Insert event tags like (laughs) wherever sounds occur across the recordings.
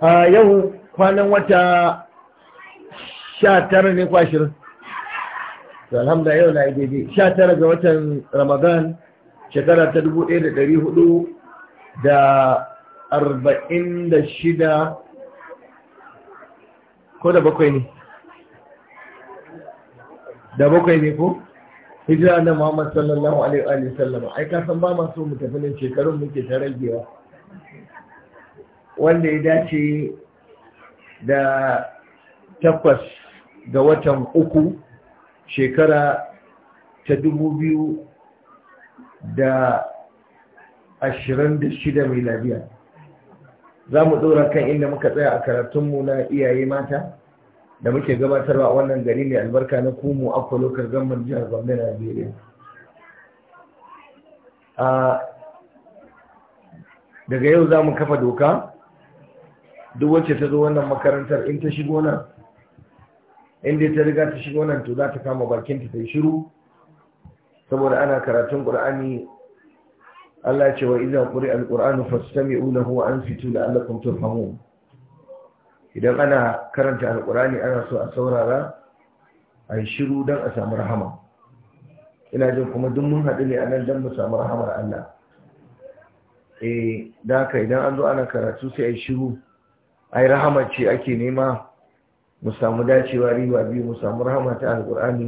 a yau kwanan wata sha tara ne kwashirin da alhamda yau na daidai sha tara ga watan ramadan shekara ta dubu ɗaya da ɗari hudu da arba'in da shida ko da bakwai ne da bakwai ne ko? hijira na Muhammad sallallahu alaihi wa sallam ai ka san ba ma so mu tafi nan shekarun muke ta ragewa wanda ya dace da takwas ga watan uku shekara ta dubu biyu da ashirin da shida mai labiya za mu ɗora kan inda muka tsaya a karatunmu na iyaye mata da muke gabatarwa a wannan gari mai albarka na kumu akwa lokar gamban jihar gombe najeriya daga yau za mu kafa doka duk wacce ta zo wannan makarantar in ta shigo nan inda ta riga ta shigo nan to za ta kama bakinta ta yi shiru saboda ana karatun ƙur'ani Allah ce wa idan ƙuri al-ƙur'anu an fito wa Allah la'allakum turhamun idan ana karanta alkurani ana so a saurara a yi shiru don a samu rahama ina jin kuma duk mun haɗu ne a nan don mu samu rahamar Allah eh da haka idan an zo ana karatu sai a yi shiru a yi rahama ce ake nema mu samu dacewa riba biyu mu samu rahama ta alkur'ani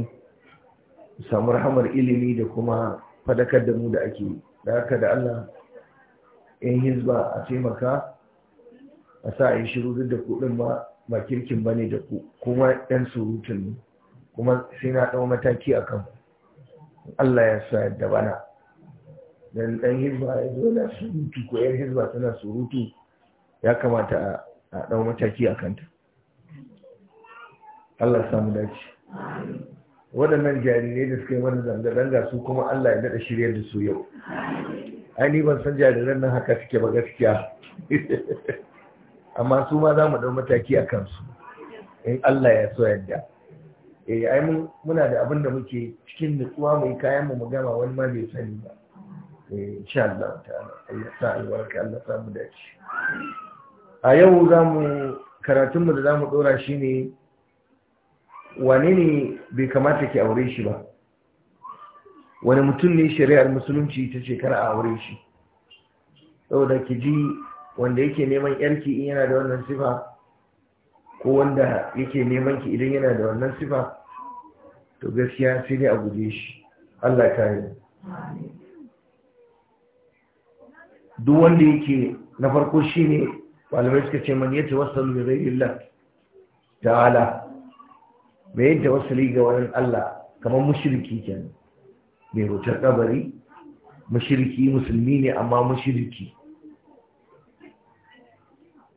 mu samu rahamar ilimi da kuma fadakar da mu da ake da haka da Allah in hizba a taimaka a sa yi shiru duk da kuɗin ba ba kirkin ba ne da ku kuma ɗan surutun ne kuma sai na ɗau mataki a kan Allah ya sa yadda bana dan ɗan hizba ya zo na surutu ko yar hizba tana surutu ya kamata a ɗau mataki a kanta Allah samu dace waɗannan jarirai da suka yi mana zanga-zanga su kuma Allah ya daɗa shiryar da su yau ai ni ban san jariran nan haka suke ba gaskiya (laughs) amma su ma za mu ɗau mataki a kansu in Allah ya so yadda eh ai muna da abin da muke cikin nutsuwa mu kayan mu gama wani ma bai sani ba eh insha Allah ta'ala Allah ta albarka Allah ta mu dace a yau mu karatun mu da zamu dora shine wani ne bai kamata ki aure shi ba wani mutum ne shari'ar musulunci ta ce a aure shi saboda ki ji wanda yake neman yarki in yana da wannan sifa ko wanda yake neman ki idan yana da wannan sifa to gaskiya sai dai a guje shi Allah ya kare duk wanda yake na farko shine malamai suka ce man yata wasalu bi ghayrillah ta'ala me yadda wasali ga wani Allah kamar mushriki kenan mai rutar kabari mushriki musulmi ne amma mushriki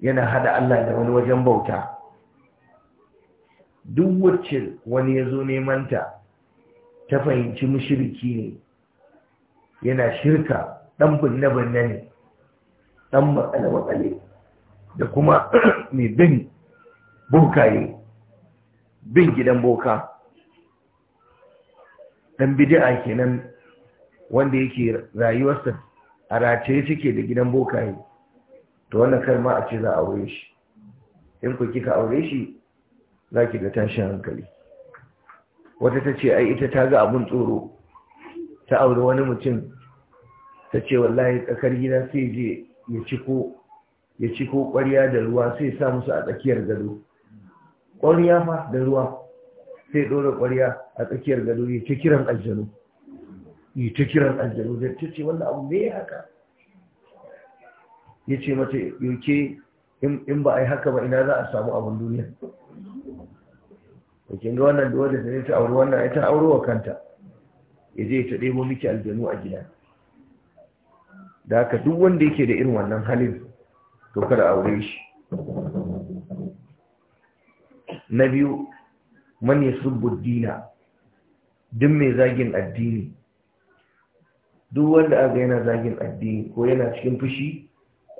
yana hada Allah da wani wajen bauta duk wacce wani ya zo nemanta ta fahimci mushiriki ne yana shirka ɗan binne-binne ne ɗan matsale-matsale da kuma (clears throat) mai bin ne bin gidan boka ɗan bidi'a kenan wanda yake rayuwarsa a rataye take da gidan bokaye to wannan kar ma a ce za a aure shi in ku kika aure shi za ki ga tashin hankali wata ta ce ai ita ta ga abun tsoro ta aure wani mutum ta ce wallahi tsakar gida sai je ya ciko ya ciko ƙwarya da ruwa sai sa musu a tsakiyar gado ƙwarya fa da ruwa sai ɗora ƙwarya a tsakiyar gado ya ta kiran aljanu Ya ta kiran aljanu da ta ce wannan abu ne haka ya ce mata yauke in ba a yi haka ba ina za a samu abin duniya da kinga wannan da wadda ta ta auri wannan ai ta auri wa kanta ya je ta ɗebo miki aljanu a gida da haka duk wanda yake da irin wannan halin to kada aure shi na biyu man yasubbu dina duk mai zagin addini duk wanda aga yana zagin addini ko yana cikin fushi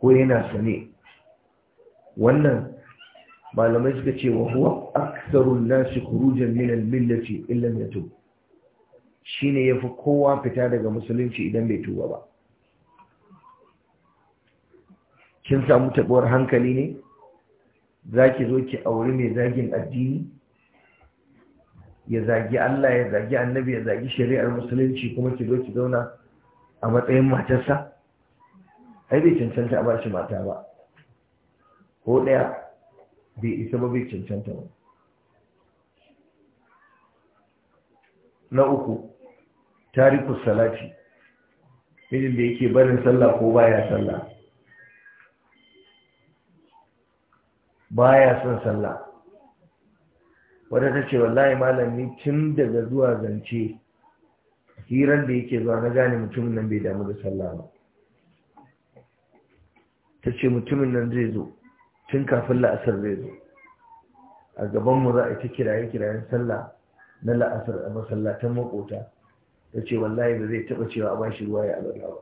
ko yana sane wannan malamai suka ce wa huwa aktsarun nasi kurujan min al-millati illa ne shine yafi kowa fita daga musulunci idan bai tuba ba kin samu tabuwar hankali ne zaki zo ki aure mai zagin addini ya zagi Allah ya zagi annabi ya zagi shari'ar musulunci kuma ki zo ki zauna a matsayin matarsa ai bai cancanta a bashi mata ba ko ɗaya bai isa ba bai cancanta ba na uku tarikus salati irin da yake barin sallah ko baya sallah baya son sallah wadda ta ce wallahi malami tun daga zuwa zance hirar da yake zuwa na gane mutum nan bai damu da sallah ba ta ce mutumin nan zai zo tun kafin la'asar zai zo a gabanmu za a ta kiraye kirayen sallah na la'asar a masallatan makota ta ce wallahi ba zai taba cewa a bashi ruwa ya alaƙa ba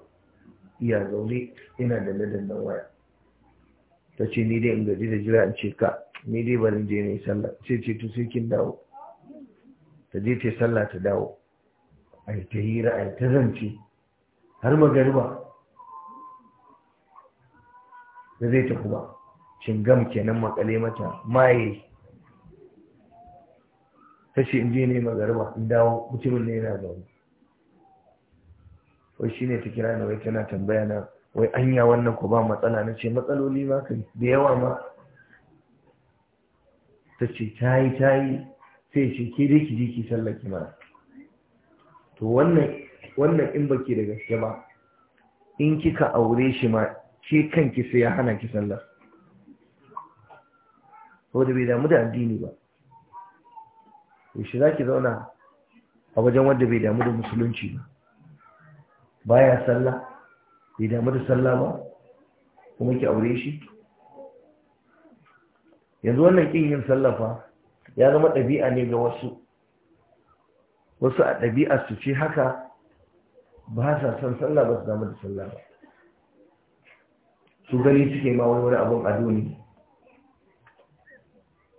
iya zaune ina da ladan nan waya ta ce ni dai in gaji da jira in ce ka ni dai barin je ne sallah sai ce to sai kin dawo ta je ta sallah ta dawo a yi ta hira a yi ta zance har magariba da zai tafi ba gam kenan makale mata maye ta in je ne magariba in dawo mutumin ne yana zaune wai shine ta kira ni wai tana tambaya na wai anya wannan ku ba matsala na ce matsaloli ma kai da yawa ma ta ce ta yi sai ce ke dai ki je ki sallaki mara. to wannan wannan in baki da gaske ba in kika aure shi ma ke kanki sai ya hana ki sallar wanda bai damu da addini ba yaushe za ki zauna a wajen wanda bai damu da musulunci ba baya sallah bai damu da sallah ba kuma ki aure shi yanzu wannan kin yin sallafa ya zama ɗabi'a ne ga wasu wasu a ɗabi'a su ce haka ba sa son sallah ba su damu da sallah ba su gani suke ma wani abun ado ne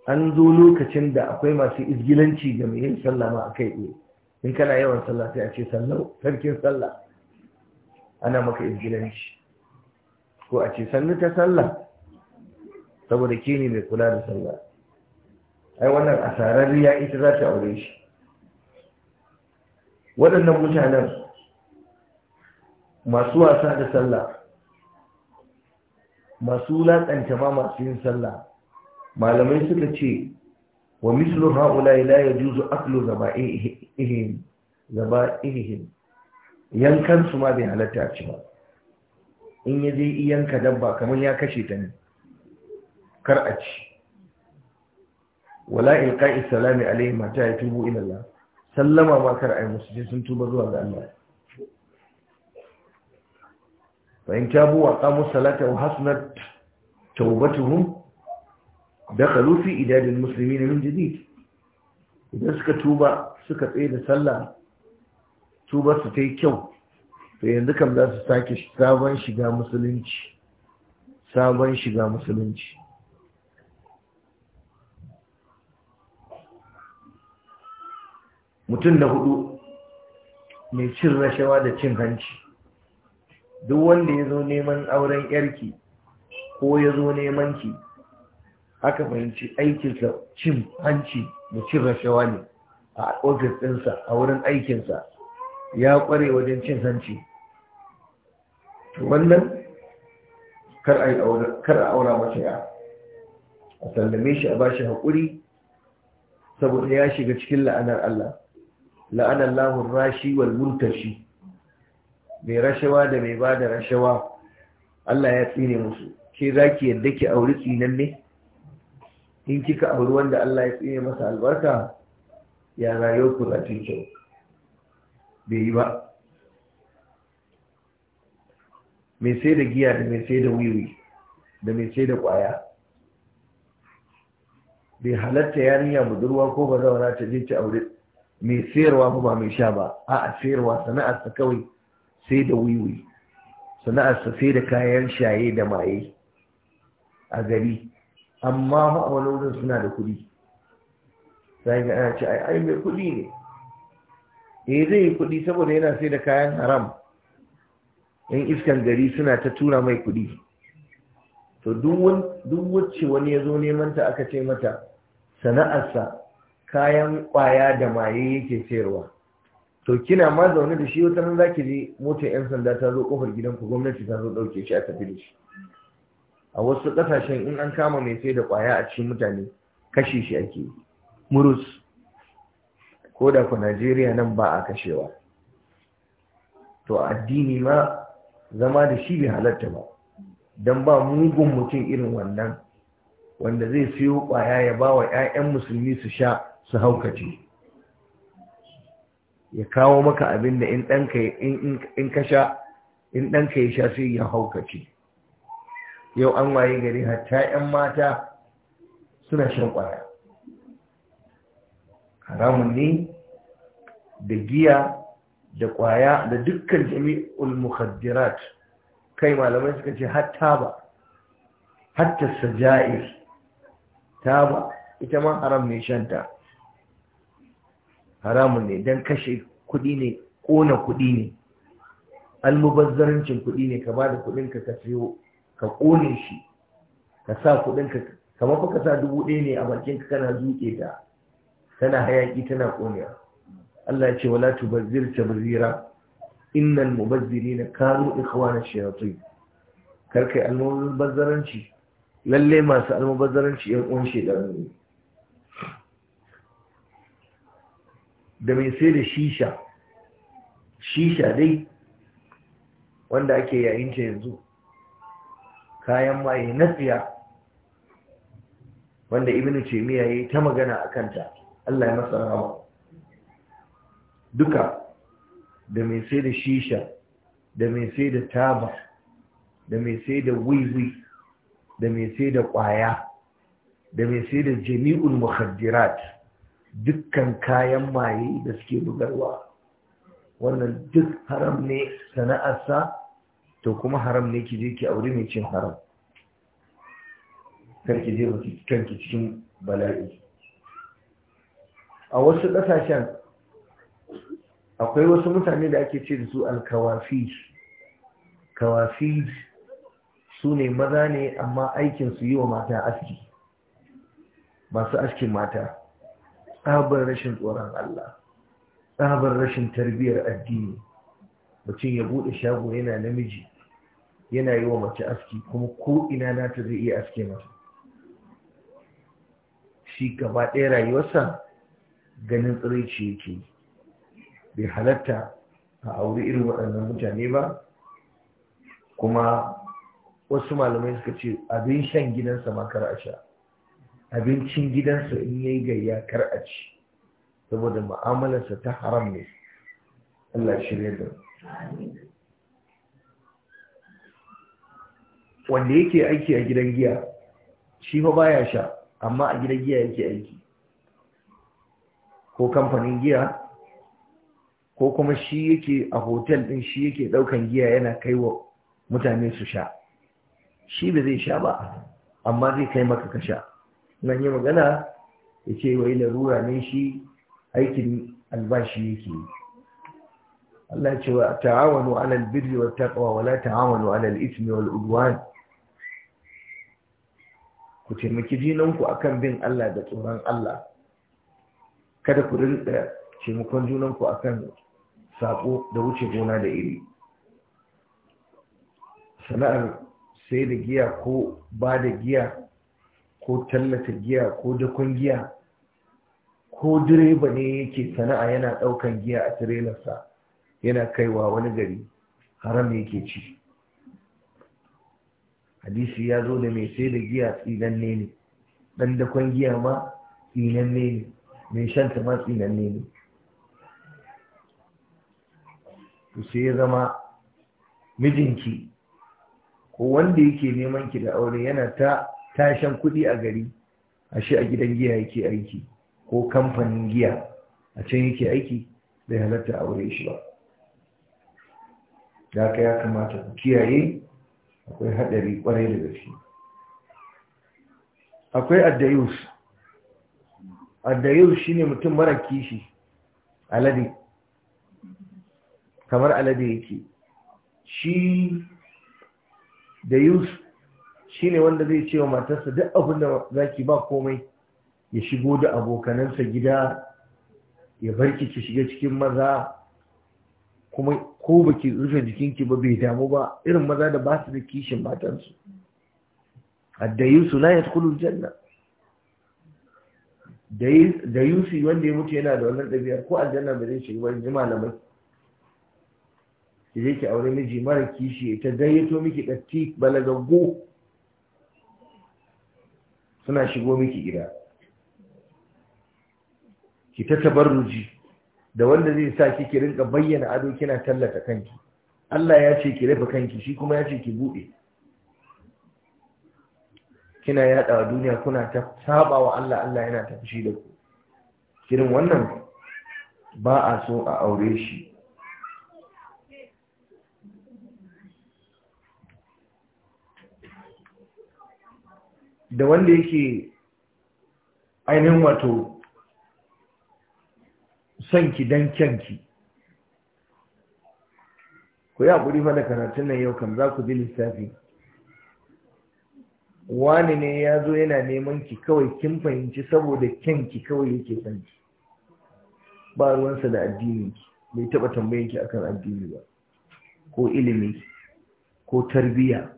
an zo lokacin da akwai masu izgilanci ga mai yin sallah ma a kai ne in kana yawan sallah sai a ce sallau sarkin sallah ana maka izgilanci ko a ce sannu ta sallah saboda ke ne mai kula da sallah ai wannan asararriya ita za ta aure shi waɗannan mutanen masu wasa da sallah masu wulaƙanta ma masu yin sallah malamai suka ce wa mislu haula la yajuzu aklu zaba'ihim zaba'ihim yankan su ma bai halatta a ci ba in ya je yanka dabba kamar ya kashe ta ne kar a ci wala ilqa'i salami alayhi mata ya tubu ila Allah sallama ma kar ai musu sun tuba zuwa ga Allah fa in kabu wa qamu salata wa hasnat tawbatuhum da kalu fi idad al idan suka tuba suka tsaya sallah tuba su tai kyau to yanzu kam za su sake saban shiga musulunci saban shiga musulunci mutun da huɗu mai cin rashawa da cin hanci duk wanda ya zo neman auren yarki ko ya zo neman ki aka fahimci aikinsa cin hanci da cin rashawa ne a ofis ɗinsa a wurin aikinsa ya ƙware wajen cin hanci to wannan kar a aura mace ya a sallame shi a bashi haƙuri saboda ya shiga cikin la'anar Allah la'anar lahun rashi wal muntashi mai rashawa da mai ba da rashawa Allah ya tsine musu ke za ki yadda ki auri tsinan ne in kika auri wanda Allah ya tsine masa albarka ya rayu ku za ta kyau bai yi ba mai sai da giya da mai sai da wiwi da mai sai da kwaya bai halatta yarinya budurwa ko ba zaura ta je ci aure mai sayarwa ko ba mai sha ba a a sayarwa sana'arsa kawai sai da wiwi sana'arsa sai da kayan shaye da maye a gari amma ma'aunin suna da kuɗi sai ga ana ce ai mai kuɗi ne eh zai yi kuɗi saboda yana sai da kayan haram yan iskan gari suna ta tura mai kuɗi to duk wacce wani ya zo neman ta aka ce mata sana'arsa kayan ƙwaya da maye yake sayarwa to kina ma zaune da shi wata nan za zaki je motar yan sanda ta zo kofar gidanku gwamnati ta zo ɗauke shi a tafi da shi a wasu kasashen in an kama mai sai da kwaya a cikin mutane kashe shi ake murus ko da ku Najeriya nan ba a kashewa to addini ma zama da shi bai halarta ba don ba mugun mutum irin wannan wanda zai siyo kwaya ya ba wa 'ya'yan musulmi su sha su haukace ya kawo maka abin da in ɗanka in sha ɗanka ya sha sai ya yau an waye gari hatta 'yan mata suna shan ƙwaya haramun ne da giya da ƙwaya da dukkan jami'ul mukhaddirat kai malamai suka ce hatta ba hatta sajair ta ba ita ma haram ne shanta haramun ne don kashe kuɗi ne ƙona kuɗi ne almubazzarancin kuɗi ne ka ba da kudinka ka siyo ka ƙone shi ka sa ka kamar fa ka sa dubu ɗaya ne a bakinka kana zuke ta tana hayaki, tana konewa. Allah ya ce wala tubazzir tabzira innal mubazzirina kanu ikhwana shayatin yi almubazzaranci lalle masu almubazzaranci yan uwan shedan ne da mai sai da shisha shisha dai wanda ake yayin ce yanzu kayan maye na tsiya wanda ibnu taymiya yayi ta magana a kanta Allah ya masa rahama duka da mai sai da shisha da mai sai da taba da mai sai da wiwi da mai sai da kwaya da mai sai da jami'ul mukhaddirat dukkan kayan maye da suke bugarwa wannan duk haram ne sana'arsa to kuma haram ne ki je ki aure mai cin haram karki je kanki cikin bala'i a wasu ƙasashen akwai wasu mutane da ake ce da su alkawafi kawafi su ne maza ne amma aikinsu yi wa mata aski masu askin mata tsabar rashin tsoron Allah tsabar rashin tarbiyyar addini mutum ya bude shago yana namiji yana yi wa mace aski kuma ko ina na ta zai iya aske masa shi gaba ɗaya rayuwarsa ganin tsiraici yake bai halatta a auri irin waɗannan mutane ba kuma wasu malamai suka ce abin shan gidansa makar a sha abincin gidansa in yayi gayya kar a ci saboda mu'amalarsa ta haram ne Allah shirye da wanda yake aiki a gidan giya shi fa baya sha amma a gidan giya yake aiki ko kamfanin giya ko kuma shi yake a hotel din shi yake daukan giya yana kai wa mutane su sha shi ba zai sha ba amma zai kai maka ka sha nan yi magana ya ce wai larura ne shi aikin albashi yake Allah ce wa ta'awanu alal birri wa taqwa wa la ta'awanu alal ismi wal udwan ku taimaki junanku akan bin Allah da tsoron Allah kada ku rinka taimakon junanku akan sako da wuce gona da iri sana'ar sai da giya ko ba da giya ko tallata giya ko dakon giya ko direba ne yake sana'a yana ɗaukan giya a tirelarsa yana kaiwa wani gari haram yake ci hadisi ya zo da mai sai da giya tsinanne ne ɗan dakon giya ma tsinanne ne mai shanta ma tsinanne ne to sai ya zama mijinki ko wanda yake neman ki da aure yana ta tashan kuɗi a gari ashe a gidan giya yake aiki ko kamfanin giya a can yake aiki bai halatta aure shi ba da ya kamata ku kiyaye akwai haɗari ƙwarai da gaske akwai addayus addayus shine mutum mara kishi alade kamar alade yake shi da yus Shi ne wanda zai ce wa matarsa duk abin da ki ba komai ya shigo da abokanansa gida ya barki ki shiga cikin maza kuma ko ba ki rufe jikinki ba bai damu ba irin maza da ba su da kishin matansu addayinsu la yadkhulu janna da yusu wanda ya mutu yana da wannan ɗabi'ar ko aljanna ba zai shiga ba ji malamai ki je ki aure miji mara kishi ta gayyato miki ɗatti balagaggo suna shigo miki gida ki ta tabarruji da wanda zai sa ki ki rinka bayyana ado kina tallata kanki Allah ya ce ki rufe kanki shi kuma ya ce ki bude kina yada wa duniya kuna ta saba wa Allah Allah yana tafi da ku kirin wannan ba a so a aure shi da wanda yake ainihin wato sanki don kyanki ku yi haƙuri mana karatun nan yau kan za ku ji lissafi wani ne ya zo yana neman ki kawai kin fahimci saboda kyanki kawai yake sanki ba ruwansa da addini bai taɓa tambayin ki akan addini ba ko ilimi ko tarbiyya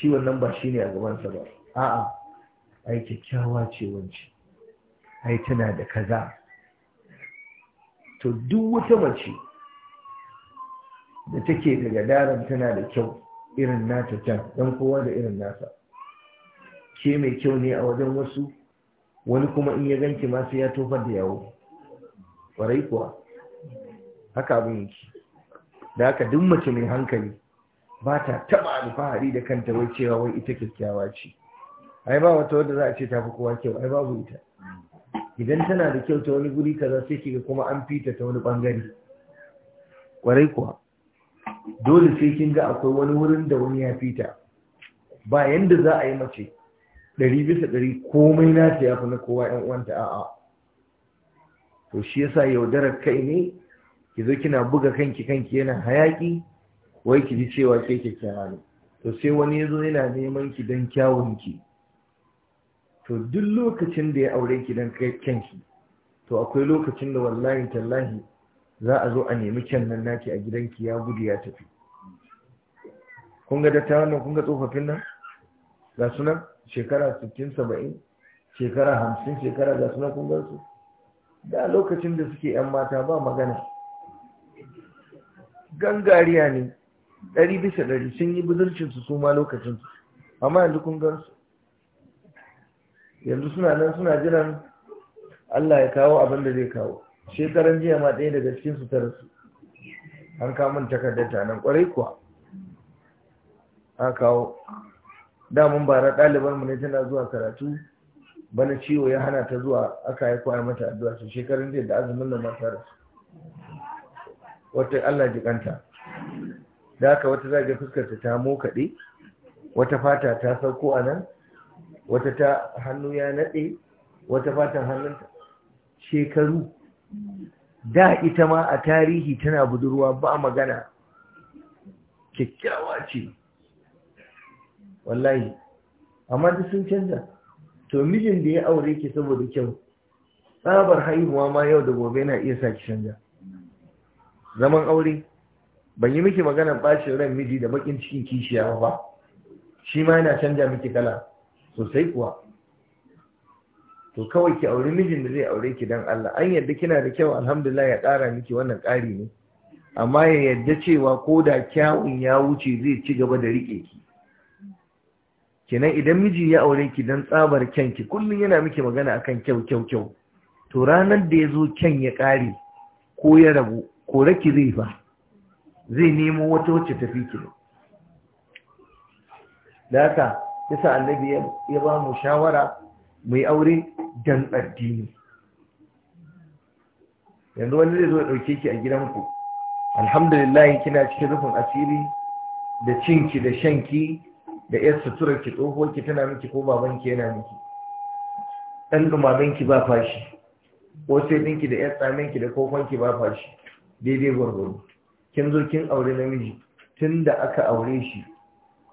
shi wannan ba shi ne a gabansa ba a'a ai kyakkyawa ce wance ai tana da kaza to duk wata mace da take daga daren tana da kyau irin nata can don kowa da irin nasa ke mai kyau ne a wajen wasu wani kuma in ya ganki masu ya tofar da yawo ƙwarai kuwa haka abin yake da haka duk mace mai hankali ba ta taɓa alfahari da kanta wai cewa wai ita kyakkyawa ce ai ba wata wadda za a ce ta fi kowa kyau ai babu ita idan tana da kyau ta wani guri kaza sai kiga kuma an fita ta wani bangare kwarai kuwa dole sai kin ga akwai wani wurin da wani ya fita ba yanda za a yi mace ɗari bisa ɗari komai na ta yafi na kowa 'yan uwanta a'a to shi yasa yaudarar kai ne ki zo kina buga kanki kanki yana hayaki wai ki ji cewa ke kyakkyawa ne to sai wani ya zo yana neman ki don kyawun ki to duk lokacin da ya aure ki don kyanki to akwai lokacin da wallahi tallahi za a zo a nemi kyan nan naki a gidanki ya gudu ya tafi kun ga dattawan nan kun ga tsofaffin nan ga sunan shekara 60 70 shekara 50 shekara ga sunan kun ga su da lokacin da suke yan mata ba magana gangariya ne ɗari bisa ɗari sun yi budurcinsu su ma lokacinsu amma yanzu kun gansu yanzu suna nan suna jiran Allah ya kawo abin da zai kawo shekaran jiya ma ɗaya daga su ta rasu an kamun takardar ta nan ƙwarai kuwa an kawo damun bara ɗalibanmu ne tana zuwa karatu bana ciwo ya hana ta zuwa aka yi kwaya mata addu'a su shekarun jiya da azumin da ma tara su wata Allah jikanta da haka wata zaga fuskarta ta mokaɗe wata fata ta sauko a nan wata ta hannu ya naɗe wata fatan hannunta shekaru da ita ma a tarihi tana budurwa ba magana kyakkyawa ce wallahi amma duk sun canza to mijin da ya aure ki saboda kyau tsabar haihuwa ma yau da gobe na iya sa ki canza. zaman aure ban yi miki maganar bacin ran miji da bakin cikin kishiya ba shi ma yana canja miki kala sosai kuwa to kawai ki aure mijin da zai aure ki dan Allah an yadda kina da kyau alhamdulillah ya ƙara miki wannan ƙari ne amma ya yadda cewa ko da kyawun ya wuce zai ci gaba da riƙe ki kenan idan miji ya aure ki dan tsabar kyanki kullum yana miki magana akan kyau kyau kyau to ranar da ya zo kyan ya ƙare ko ya rabu ko raki zai fa zai nemo wata wacce tafi kilo da haka yasa annabi ya ba mu shawara mai aure dan addini yanzu wani zai zo dauke ki a gidanku alhamdulillah kina cikin rufin asiri da cinki da shanki da yar suturar ki tsohuwar ki tana miki ko baban ki yana miki dan dumamen ba fashi ko sai dinki da yar tsamen ki da kofan ba fashi daidai gwargwaro kin zo kin aure namiji tun da aka aure shi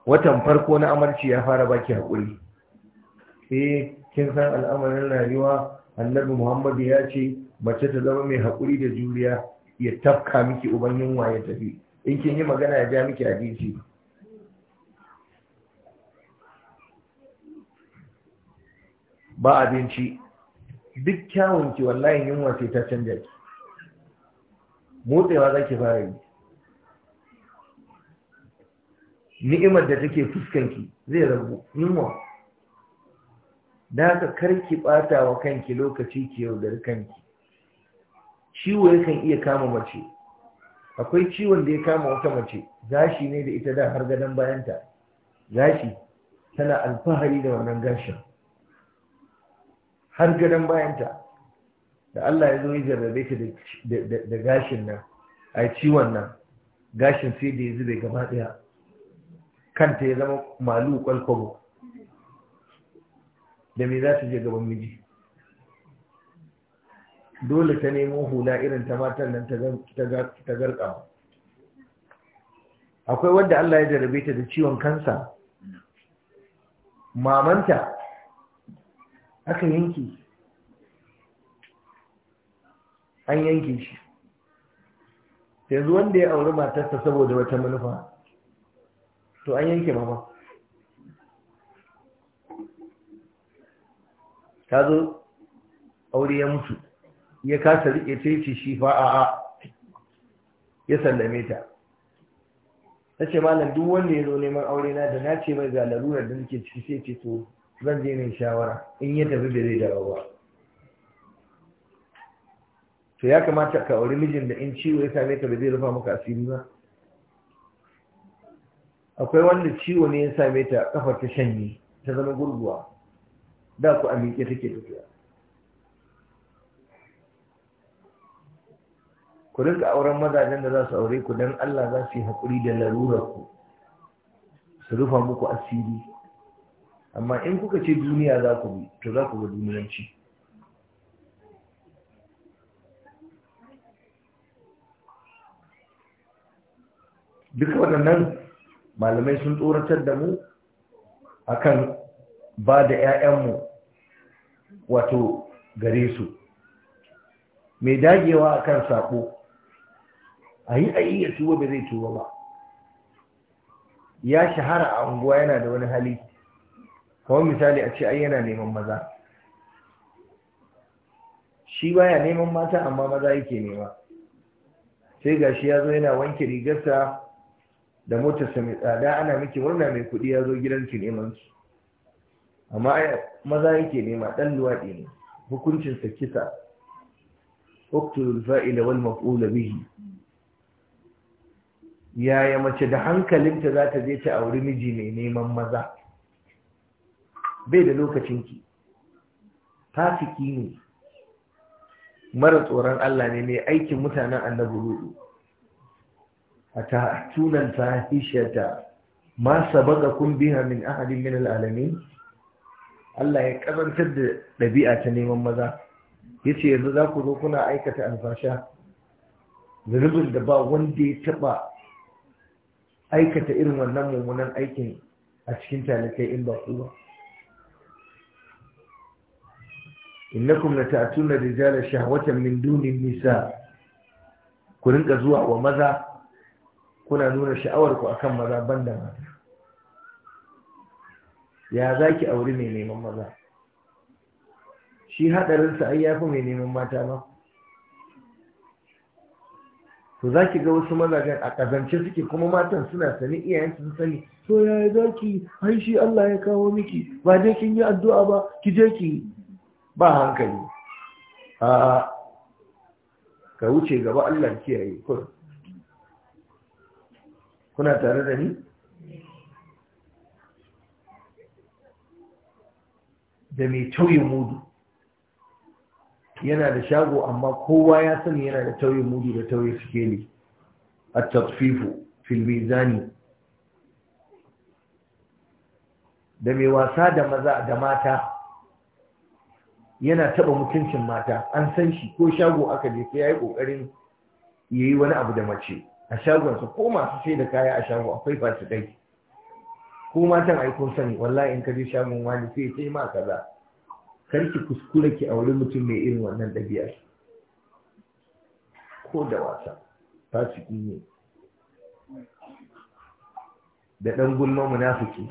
watan farko na amarci ya fara baki hakuri eh kin san al'amarin rayuwa annabi muhammadu ya ce mace ta zama mai hakuri da juriya ya tafka miki uban yunwa ya tafi in kin yi magana ya ja miki hadisi ba abinci duk kyawunki, wallahi yunwa ce ta canja ki motsewa za ki fara yi ni'imar da take fuskanki zai rabu yunwa da haka karki ɓata wa kanki lokaci ki yaudar kanki ciwo yakan iya kama mace akwai ciwon da ya kama wata mace gashi ne da ita da har gadon bayanta gashi tana alfahari da wannan gashin har gadon bayanta da Allah ya zo ya jarrabe ta da gashin nan a ciwon nan gashin sai da ya zube gaba ɗaya kanta ya zama malu kwalkwabo da me za su je gaban miji dole ta nemo hula irin ta matan nan ta garka akwai wadda Allah ya jarabe ta da ciwon kansa mamanta aka yanki an yanke shi yanzu wanda ya auri matarsa saboda wata manufa to an yanke mama ta zo aure ya mutu ya kasa riƙe ce shi a'a ya sallame ta ta ce malam duk wanda ya zo neman aure na da na ce mai ga da nake ciki sai ce zan je mai shawara in ya tafi da zai ba to ya kamata ka aure mijin da in ciwo ya same ka ba zai rufa maka asiri ba akwai wanda ciwo ne ya same ta kafar ta shanye ta zama gurguwa da ku a miƙe take tafiya ku rinka auren mazajen da za su aure ku don Allah za su yi haƙuri da larurar ku su rufa muku asiri amma in kuka ce duniya za ku bi to za ku ga duniyanci duka waɗannan malamai sun tsoratar da mu akan ba da 'ya'yanmu wato gare su mai dagewa akan sako a yi ayi ya tuba ba zai tuba ba ya shahara a unguwa yana da wani hali kawai misali a ce ai yana neman maza shi baya neman mata amma maza yake nema sai gashi ya zo yana wanke rigarsa da motarsa mai tsada ana miki murna mai kuɗi ya zo ki neman su amma maza yake nema ɗan luwaɗi ne hukuncinsa kisa uktul fa'ila wal maf'ula bihi yaya mace da hankalinta za ta je ta auri miji mai neman maza bai da lokacin lokacinki fasiki ne mara tsoron Allah ne mai aikin mutanen annabi ruɗu أتأتون الفاحشة ما سبقكم بها من أحد من العالمين Allah ya kazantar da ɗabi'a ta neman maza ya ce yanzu za ku zo kuna aikata alfasha zunubin da ba wanda ya taɓa aikata irin wannan mummunan aikin a cikin talakai in ba ku ba innakum la ta'tuna rijala shahwatan min dunin nisa ku rinka zuwa wa maza kuna nuna sha'awar ku akan maza banda mata ya zaki auri mai neman maza shi haɗarinsa ai yafi mai neman mata ba to za ki ga wasu mazajen a kazance suke kuma matan suna sani iyayensu sun sani to yaya za ki ai shi Allah ya kawo miki ba dai kin yi addu'a ba ki je ki ba hankali a ka wuce gaba Allah kiyaye kurin kuna tare da ni da mai tauyin mudu yana da shago amma kowa ya sani yana da tauyin mudu da tauyin ne a tafifu filmizani da mai wasa da maza da mata yana taba mutuncin mata an san shi ko shago aka je sai ya yi kokarin ya yi wani abu da mace a shagonsa ko masu sai da kaya a shago akwai dai ko matan aiko sani wallahi in ka je shagon wani sai sai ma kaza kar ki kuskura ki auri mutum mai irin wannan ɗabi'ar ko da wasa ci ne da ɗan gulma munafiki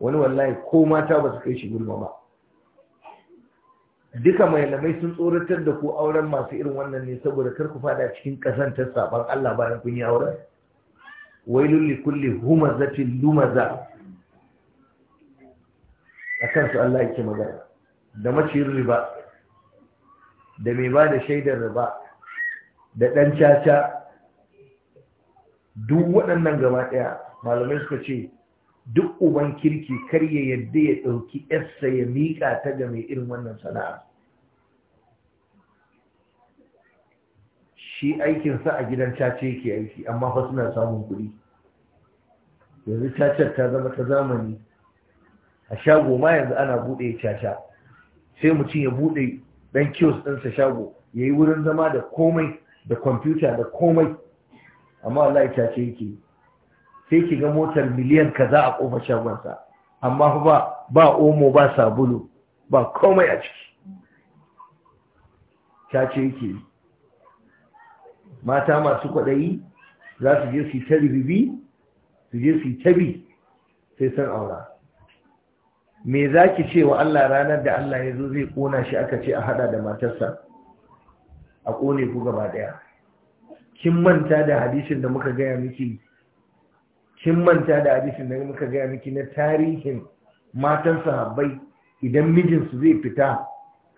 wani wallahi ko mata ba su kai shi gulma ba duka mai malamai sun tsoratar da ku auren masu irin wannan ne saboda kar ku fada cikin kasantar saban Allah bayan kun yi auren wailul li kulli humazatin lumaza akan su Allah yake magana da maciyin riba da mai ba da shaidar riba da ɗan caca duk waɗannan gaba ɗaya malamai suka ce duk uban kirki kar ya yadda ya ɗauki yarsa ya miƙa ta ga mai irin wannan sana'a shi aikinsa a gidan caca yake aiki amma fa suna samun kuɗi yanzu cacar ta zama ta zamani a shago ma yanzu ana buɗe caca sai mutum ya buɗe ɗan kiyos ɗinsa shago ya yi wurin zama da komai da kwamfuta da komai amma ya cace yake sai ki ga motar miliyan ka za a kofa shagonsa amma ba ba omo ba sabulu ba komai a ciki ta ce yake mata masu kwaɗayi za su je su ta ribibi su je su ta bi sai san aura me za ki ce wa Allah ranar da Allah ya zo zai kona shi aka ce a hada da matarsa a kone ku gaba ɗaya kin manta da hadisin da muka gaya miki kin manta da hadisin da muka gaya miki na tarihin matan sahabbai idan mijinsu zai fita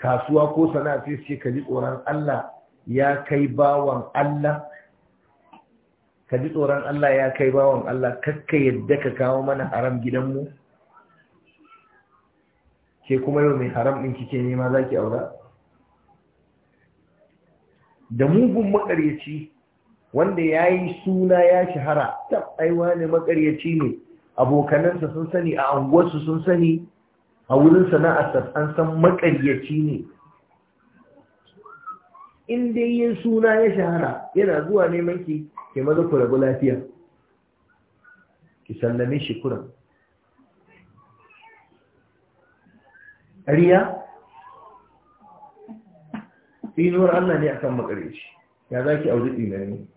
kasuwa ko sana'a sai su ce ka tsoron Allah ya kai bawan Allah ka ji tsoron Allah ya kai bawan Allah kakka yadda ka kawo mana haram gidanmu ke kuma yau mai haram ɗin kike nema zaki aura da mugun makaryaci wanda yayi suna ya shahara tab aiwa ne makaryaci ne abokanansa sun sani a anguwarsu sun sani a wurin sana'arsa an san makaryaci ne in dai yin suna ya shahara yana zuwa neman ki ke maza ku rabu lafiya ki sallame shi ariya fi nuwar Allah ne akan makaryaci ya za ki auri ne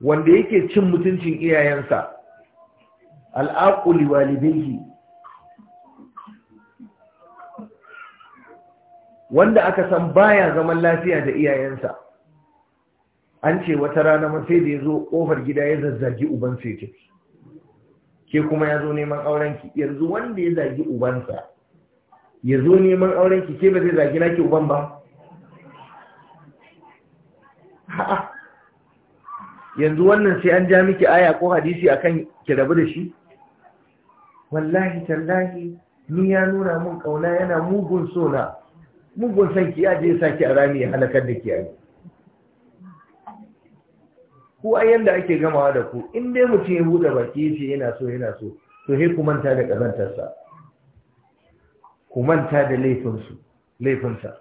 wanda yake cin mutuncin iyayensa al'aquli walidayhi wanda aka san baya zaman lafiya da iyayensa an ce wata rana ma sai da ya zo ƙofar gida ya zazzagi uban sai ke kuma ya zo neman aurenki yanzu wanda ya zagi ubansa ya zo neman aurenki ke ba zai zagi naki uban ba yanzu wannan sai an ja miki aya ko hadisi akan ki rabu da shi wallahi tallahi ni ya nuna mun kauna yana mugun sona mugun san ki ya je ya ki a rami ya halakar da ki a yi. ku a yanda ake gamawa da ku in dai mutum ya buɗe baki ya ce yana so yana so to sai ku manta da ƙazantarsa ku manta da laifinsu laifinsa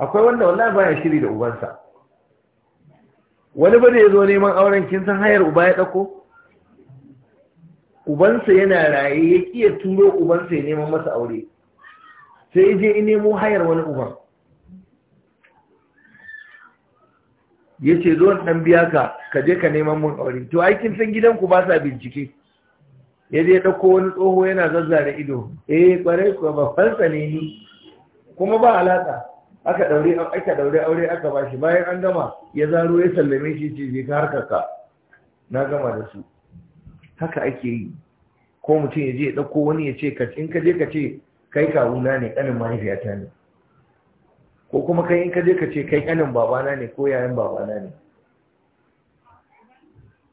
akwai wanda wallahi baya shiri da ubansa wani bane ya zo neman auren kin san hayar uba ya dako ubansa yana raye ya iya turo ubansa ya neman masa aure sai je in nemo hayar wani uban ya ce zo ɗan biya ka ka je ka neman mun aure to aikin san gidanku ba sa bincike ya je ɗauko wani tsoho yana zazzare ido eh kware ku ba fansa ne ni kuma ba alaƙa aka daure aka daure aure aka bashi bayan an gama ya zaro ya sallame shi ce je ka harkarka na gama da su haka ake yi ko mutum ya je ya dauko wani ya ce ka in ka je ka ce kai kawuna ne kanin mahaifiyata ne ko kuma kai in ka je ka ce kai kanin babana ne ko yayin babana ne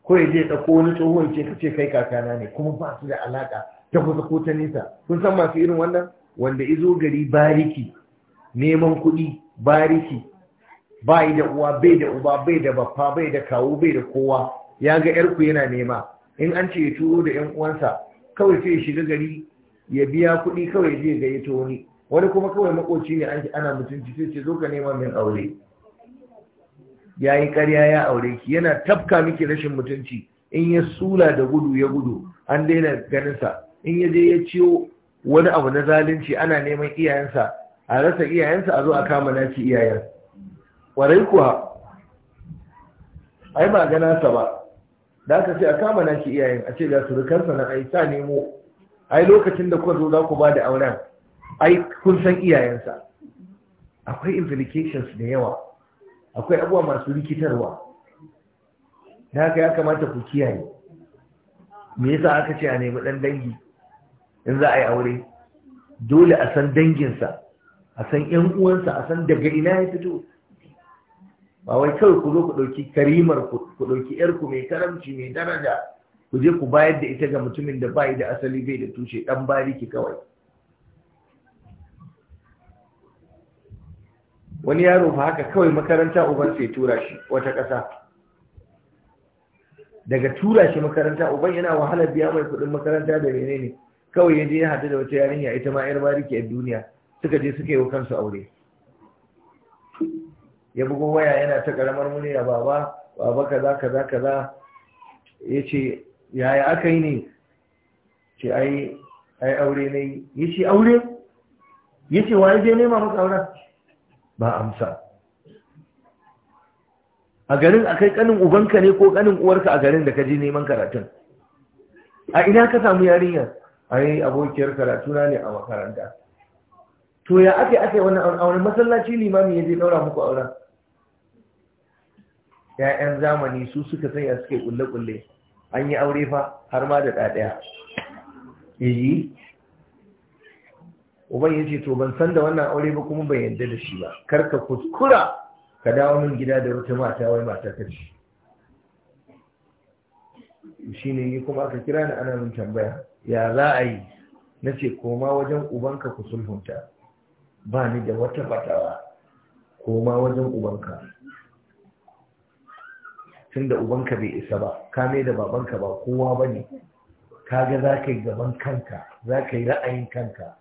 ko ya je ya dauko wani tsohon ce ka ce kai kakana ne kuma ba su da alaka ta kusa ko ta nisa kun san masu irin wannan wanda izo gari bariki neman kuɗi bariki bai da uwa bai da uba bai da baffa bai da kawo bai da kowa ya ga yarku yana nema in an ce ya turo da yan uwansa kawai sai ya shiga gari ya biya kuɗi kawai zai ga ya wani wani kuma kawai makoci ne ana mutunci sai ce zo ka nema min aure ya yi karya, ya aure ki yana tafka miki rashin mutunci in ya sula da gudu ya gudu an daina ganinsa in ya je ya ciwo wani abu na zalunci ana neman iyayensa a rasa iyayensa a zo a kama naci iyayen warai kuwa ai ba gana sa ba da aka ce a kama naci iyayen a ce ga surukansa na ai sa nemo ai lokacin da kuka zo za ku ba da auren ai kun san iyayensa akwai implications da yawa akwai abubuwa masu rikitarwa da haka ya kamata ku kiyaye me yasa aka ce a nemi ɗan dangi in za a yi aure dole a san danginsa a san ƴan uwansa a san daga ina ya fito ba wai kawai ku zo ku ɗauki karimar ku ku ɗauki ku mai karamci mai daraja ku je ku bayar da ita ga mutumin da bai da asali bai da tushe ɗan bariki kawai wani yaro fa haka kawai makaranta uban sai tura shi wata ƙasa daga tura shi makaranta uban yana wahalar biya mai kuɗin makaranta da menene kawai ya je ya hadu da wata yarinya ita ma 'yar bariki a duniya suka je suka yi wa kansu aure ya bugo waya yana ta karamar murya baba baba kaza kaza kaza yace yaya aka yi ne ce ai aure ne ce aure Ya ce wai je nema maka aure ba amsa a garin akai kanin ubanka ne ko kanin uwarka a garin da ka je neman karatun a ina ka samu yarinya ai abokiyar karatuna ne a makaranta to ya ake ake wannan auren masallaci limami ya je daura muku auren Ya'yan zamani su suka sanya suke kulle-kulle an yi aure fa har ma da ɗaɗaya yayi uban ya ce to ban san da wannan aure ba kuma ban yarda da shi ba kar ka kuskura ka dawo min gida da wata mata wai mata ka ce shi ne yi kuma aka kira ni ana min tambaya ya za a yi na ce koma wajen ubanka ku sulhunta ba ni da wata fatawa ko ma wajen ubanka tun da ubanka bai isa ba ka mai da babanka ba kowa ba ne Ka ga za ka yi gaban kanka za ka yi ra'ayin kanka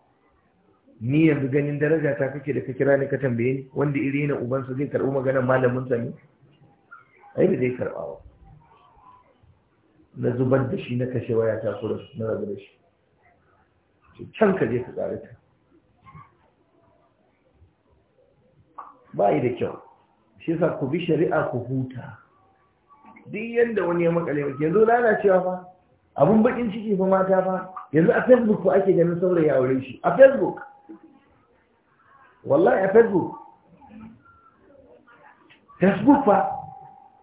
ni yanzu ganin daraja ta kake da ka kira ni ka tambaye ni wanda iri na ubansa zai karɓi maganar malamin sa ne ai ba zai karɓa ba na zubar da shi na kashe waya ta kura na rabu da shi can ka je ka tsare ta ba yi da kyau shi sa ku bi shari'a ku huta duk yadda wani ya makale ba, yanzu lalacewa fa abun bakin ciki fa mata fa yanzu a facebook ko ake ganin saurayi aure shi a facebook wallahi a facebook facebook fa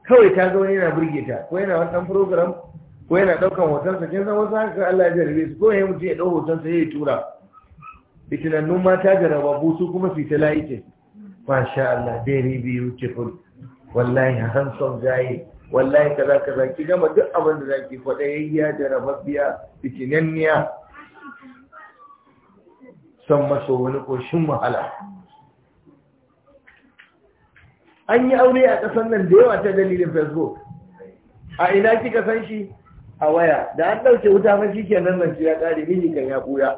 kawai ta ga wani yana burge ta ko yana wani program ko yana daukan hotonsa kin san wasu haka Allah ya jarabe su ko yayi mutum ya dau sa ya tura fitinannun mata jaraba su kuma su ta layi masha Allah very beautiful wallahi handsome guy wallahi kaza kaza ki gama duk abin da zaki faɗa yayya da rababbiya fitinanniya san maso wani koshin wahala an yi aure a ƙasar nan da yawa ta dalilin facebook a ina kika san shi a waya da an ɗauke wuta fa shi kenan nan ya ƙare miji kan ya ɓuya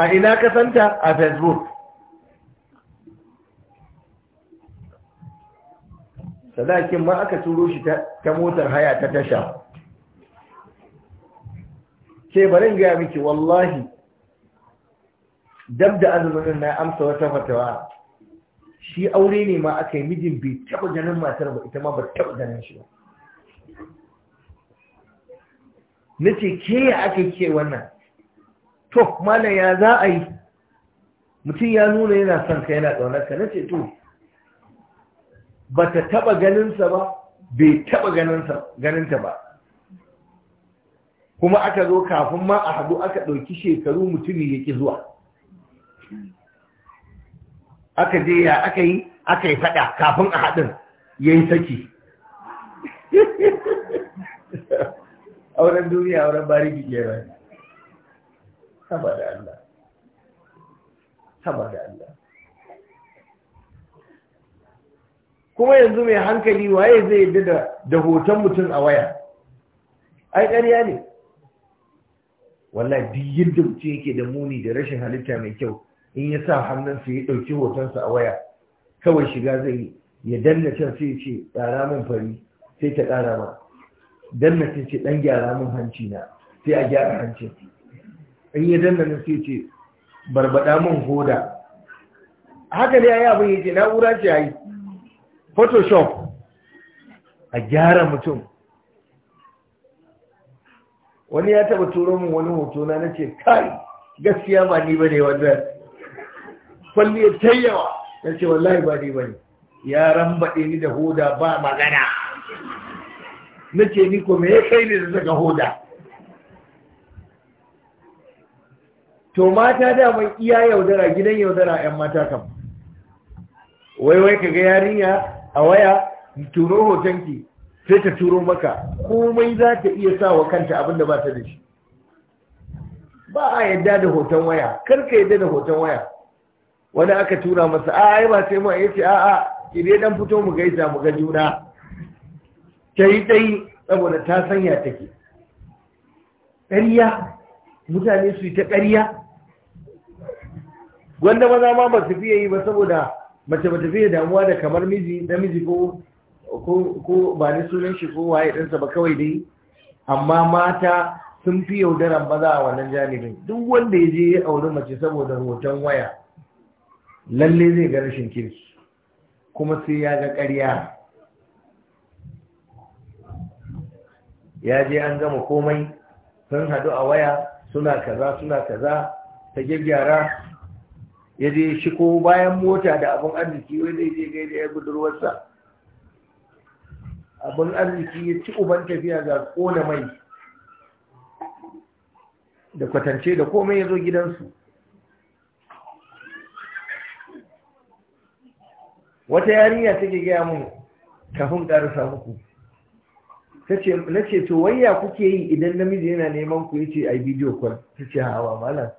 a ina ka ta a facebook sadakin ma aka turo shi ta motar haya ta tasha ce barin gaya miki wallahi dab da azumin na amsa wata fatawa shi aure ne ma aka yi mijin bai taba ganin matar ba ita ma ba taba ganin shi ba na ce ke aka ke wannan to malam ya za a yi mutum ya nuna yana son ka yana ƙaunar Na ce to ba ta taɓa ganinsa ba bai taɓa ganinta ba kuma aka zo kafin ma a haɗu aka ɗauki shekaru mutumi ya ƙi zuwa aka je ya aka yi aka yi faɗa kafin a haɗin ya yi saki (laughs) auren duniya auren bariki ke ne. haba da Allah haba da Allah kuma yanzu mai hankali waye zai yadda da hoton mutum a waya ai ƙarya ne wallahi duk yadda mutum yake da muni da rashin halitta mai kyau in ya sa hannunsa ya ɗauki hotonsa a waya kawai shiga zai yi ya danna can sai ce ƙara min fari sai ta ƙara ma danna sai ce ɗan gyara min hanci na sai a gyara hancin in danna dandana sai ce barbada mun hoda haka ne yayi abin yake na'ura ce yayi photoshop a gyara mutum wani ya taba turo mun wani hoto na nace kai gaskiya ba ni bane wannan kwalli ta yawa nace wallahi ba ni bane ya rambaɗe ni da hoda ba magana nace ni ko ya kai ni da daga hoda to mata da daman iya yaudara gidan yaudara 'yan mata kam waiwai ka ga yarinya a waya turo hotonki sai ta turo maka komai za ta iya sawa wa kanta abinda ba ta da shi ba a yadda da hoton waya kar ka yadda da hoton waya wani aka tura masa a ai ba sai mu ce a a dan fito mu gaisa mu ga juna tai tai saboda ta sanya take ƙarya mutane su yi ta ƙarya gwanda maza ma ba su fiye yi ba saboda mace ba ta fiye damuwa da kamar miji namiji ko ko ba ni sunan shi ko waye ɗansa ba kawai dai amma mata sun fi yaudaran maza a wannan jami'in. duk wanda ya je ya auri mace saboda hoton waya lalle zai ga rashin kirki kuma sai ya ga ƙarya ya je an gama komai sun hadu a waya suna kaza suna kaza ta gyaggyara ya je shiko bayan mota da abin arziki wai zai je gaida ya budurwarsa abin arziki ya ci uban tafiya ga kona mai da kwatance da komai ya zo gidansu wata yarinya take gaya mun kafin karisa muku na ce to wayya kuke yi idan namiji yana neman ku yace ai bidiyo call ta ce hawa malam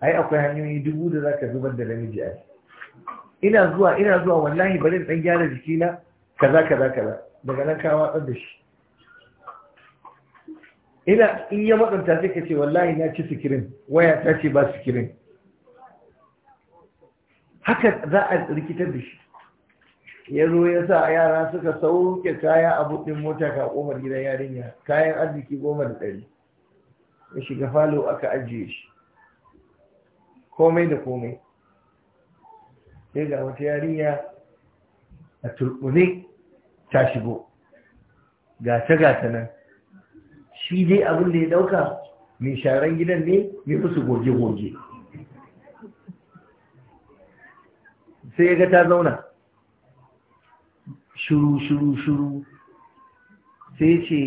ai akwai hanyoyi dubu da za ka zubar da namiji a ina zuwa ina zuwa wallahi bari dan gyara jikina kaza kaza kaza daga nan ka watsar da shi ina in ya matsanta sai ka ce wallahi na ci sikirin waya ta ce ba sikirin haka za a rikitar da shi ya zo ya sa yara suka sauke kaya a buɗin mota ka ƙofar gidan yarinya kayan arziki goma da ɗari ya shiga falo aka ajiye shi komai da komai sai ga wata yarinya a turkune ta shigo gata gata nan shi dai abin da ya dauka mai sharan gidan ne ya fi su goge-goge sai ya ga ta zauna shuru shuru shuru sai ce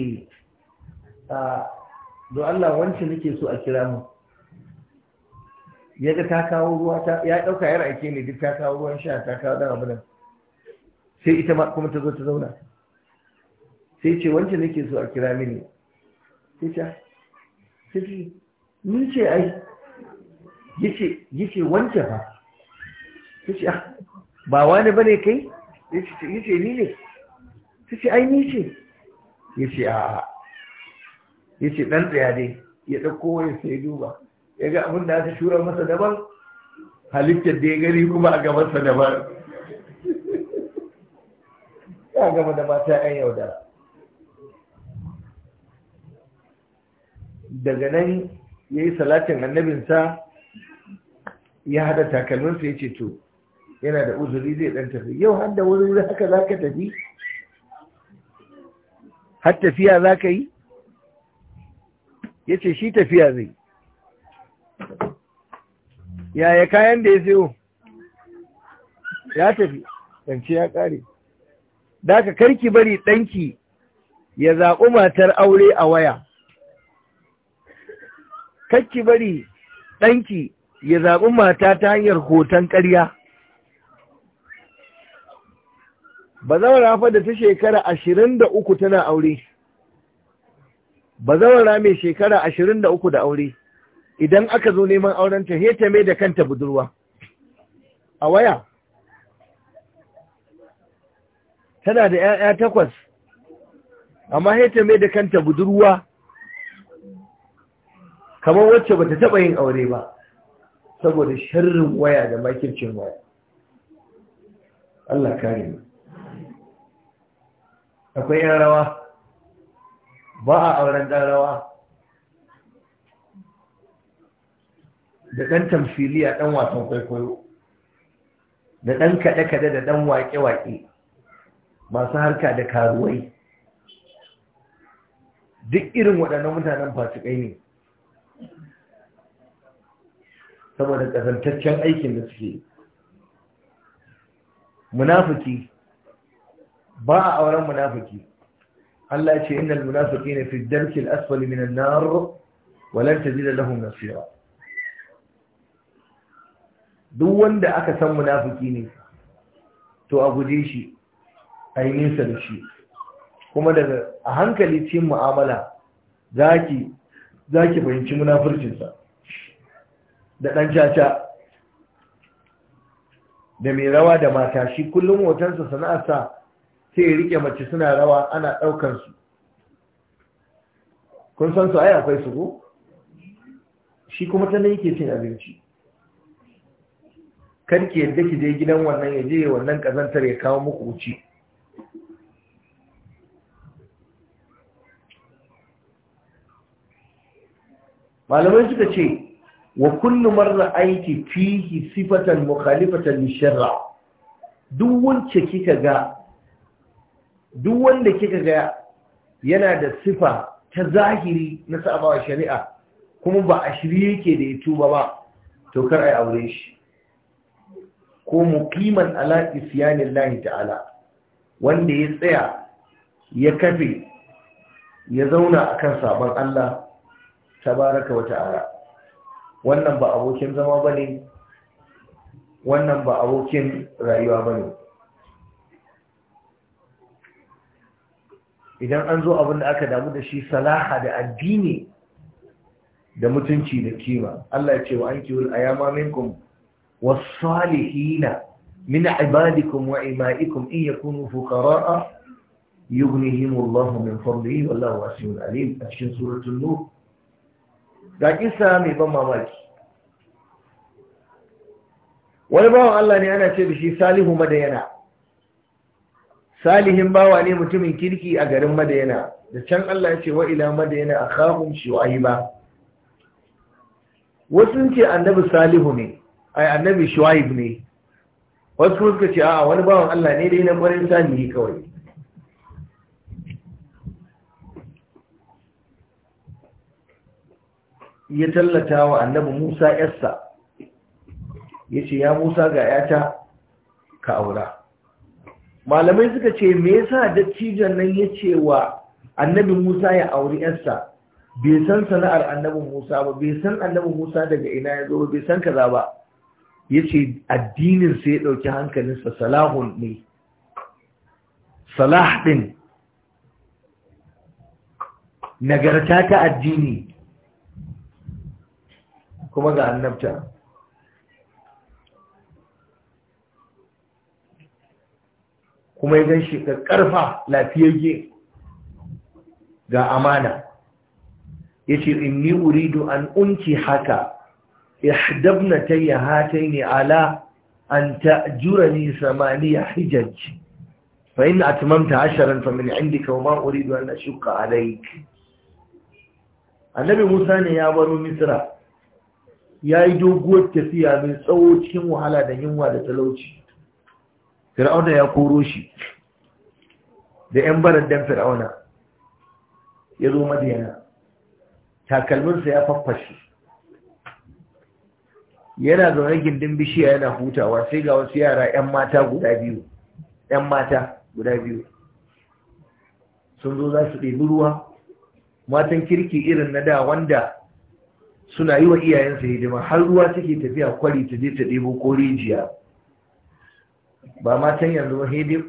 a ah, do Allah wancan nake so a kira mu ya ga ta kawo ruwa ta ya ɗauka yar aike ne duk ta kawo ruwan sha ta kawo ɗan abu sai ita ma kuma ta zo ta zauna sai ce wance nake so a kira mini sai ta sai ce ni ce ai yace yace wance fa sai ce ah, ba wani bane kai yace ni ne sai ce ai ni ce yace a yace dan tsaya dai ya ɗauko ya sai duba ya ga abin da aka shura masa daban halittar da ya gari kuma a gabansa daban ya gama da mata yan yaudara daga nan ya yi salatin annabinsa ya hada takalminsa ya ce to yana da uzuri zai dan tafi yau har da wuri haka za ka tafi har tafiya za ka yi ya ce shi tafiya zai yaya kayan da ya sayo ya tafi ɗanci ya ƙare. da ka karki bari ɗanki ya zaɓi matar aure a waya karki bari ɗanki ya zaɓi mata ta hanyar hoton ƙarya ba rafa da ta shekara ashirin da uku tana aure ba zawara mai shekara ashirin da uku da aure idan aka zo neman aurenta, ta heta mai da kanta budurwa a waya tana da 'ya'ya takwas amma heta mai da kanta budurwa kamar wacce bata taɓa yin aure ba saboda shirin waya da makircin waya Allah kare ne akwai yan rawa ba a auren ɗan rawa da ɗan tamfiliya ɗan wasan kwaikwayo da ɗan kaɗe-kaɗe da ɗan waƙe-waƙe masu harka da karuwai duk irin waɗannan mutanen fasikai ne saboda ƙazantaccen aikin da suke munafiki ba a auren munafuki. Allah ce munafuki ne fi ad asfali minan an walar ta lan lahun duk wanda aka san munafiki ne to a guje shi a yi nesa da shi kuma daga a hankali cin mu'amala za ki fahimci munafircinsa da ɗan caca da mai rawa da mata shi kullum hotonsa sana'arsa sai ya rike mace suna rawa ana ɗaukansu kun san su ai akwai su ko shi kuma tana yake cin abinci kar ki yadda ki je gidan wannan ya je wannan kazantar ya kawo muku wuce malamai suka ce wa kullu marra aiki fihi sifatan mukhalifatan lisharra duk wanda kika ga duk wanda kika ga yana da sifa ta zahiri na sabawa shari'a kuma ba a shirye yake da ya tuba ba to kar ai aure shi ko muqiman ala isyanillahi ta'ala wanda ya tsaya ya kafe ya zauna a kan sabon Allah tabaraka wa ta'ala wannan ba abokin zama bane wannan ba abokin rayuwa bane idan an zo abin da aka damu da shi salaha da addini da mutunci da kima Allah ya ce wa an kiwul ayama minkum والصالحين من عبادكم وإمائكم إن يكونوا فقراء يغنيهم الله من فضله والله واسع عليم أشين سورة النور لكن سامي بما ماكي wani bawan Allah ne ana ce da shi salihu madayana salihin bawa ne mutumin kirki a garin madayana da can Allah ya ce wa ila madayana a ce annabi salihu ne ai annabi shuaib ne wasu suka ce a wani bawan Allah ne dai na gwarin sani kawai ya tallata wa annabi Musa yarsa ya ce ya Musa ga yata ka aura malamai suka ce me yasa dattijan nan ya ce wa annabi Musa ya auri yarsa bai san sana'ar annabi Musa ba bai san annabi Musa daga ina ya zo bai san kaza ba Yace addinin sai ya ɗauki hankalinsa salahun ne salah ɗin nagarta ta addini kuma ga annabta kuma ya gan ƙarfa lafiyayye ga amana Yace ce inni uridu an unki haka ihdabna tayya ne ala an ta'jurani samaniya hijaj fa in atmamta asharan fa min indika wa ma uridu an ashqa alayk annabi Musa ne ya baro Misra yi doguwar tafiya mai tsawo cikin wahala da yunwa da talauci Fir'auna ya koro shi da ‘yan barandan Fir'auna ya zo Madiyana takalminsa ya faffashe yana zaune gindin bishiya yana hutawa sai ga wasu yara 'yan mata guda biyu 'yan mata guda biyu sun zo za su ɗebi ruwa matan kirki irin na da wanda suna yi wa iyayensa hidima har ruwa take tafiya kwari ta je ta ɗebo ko rijiya ba matan yanzu ba sai dai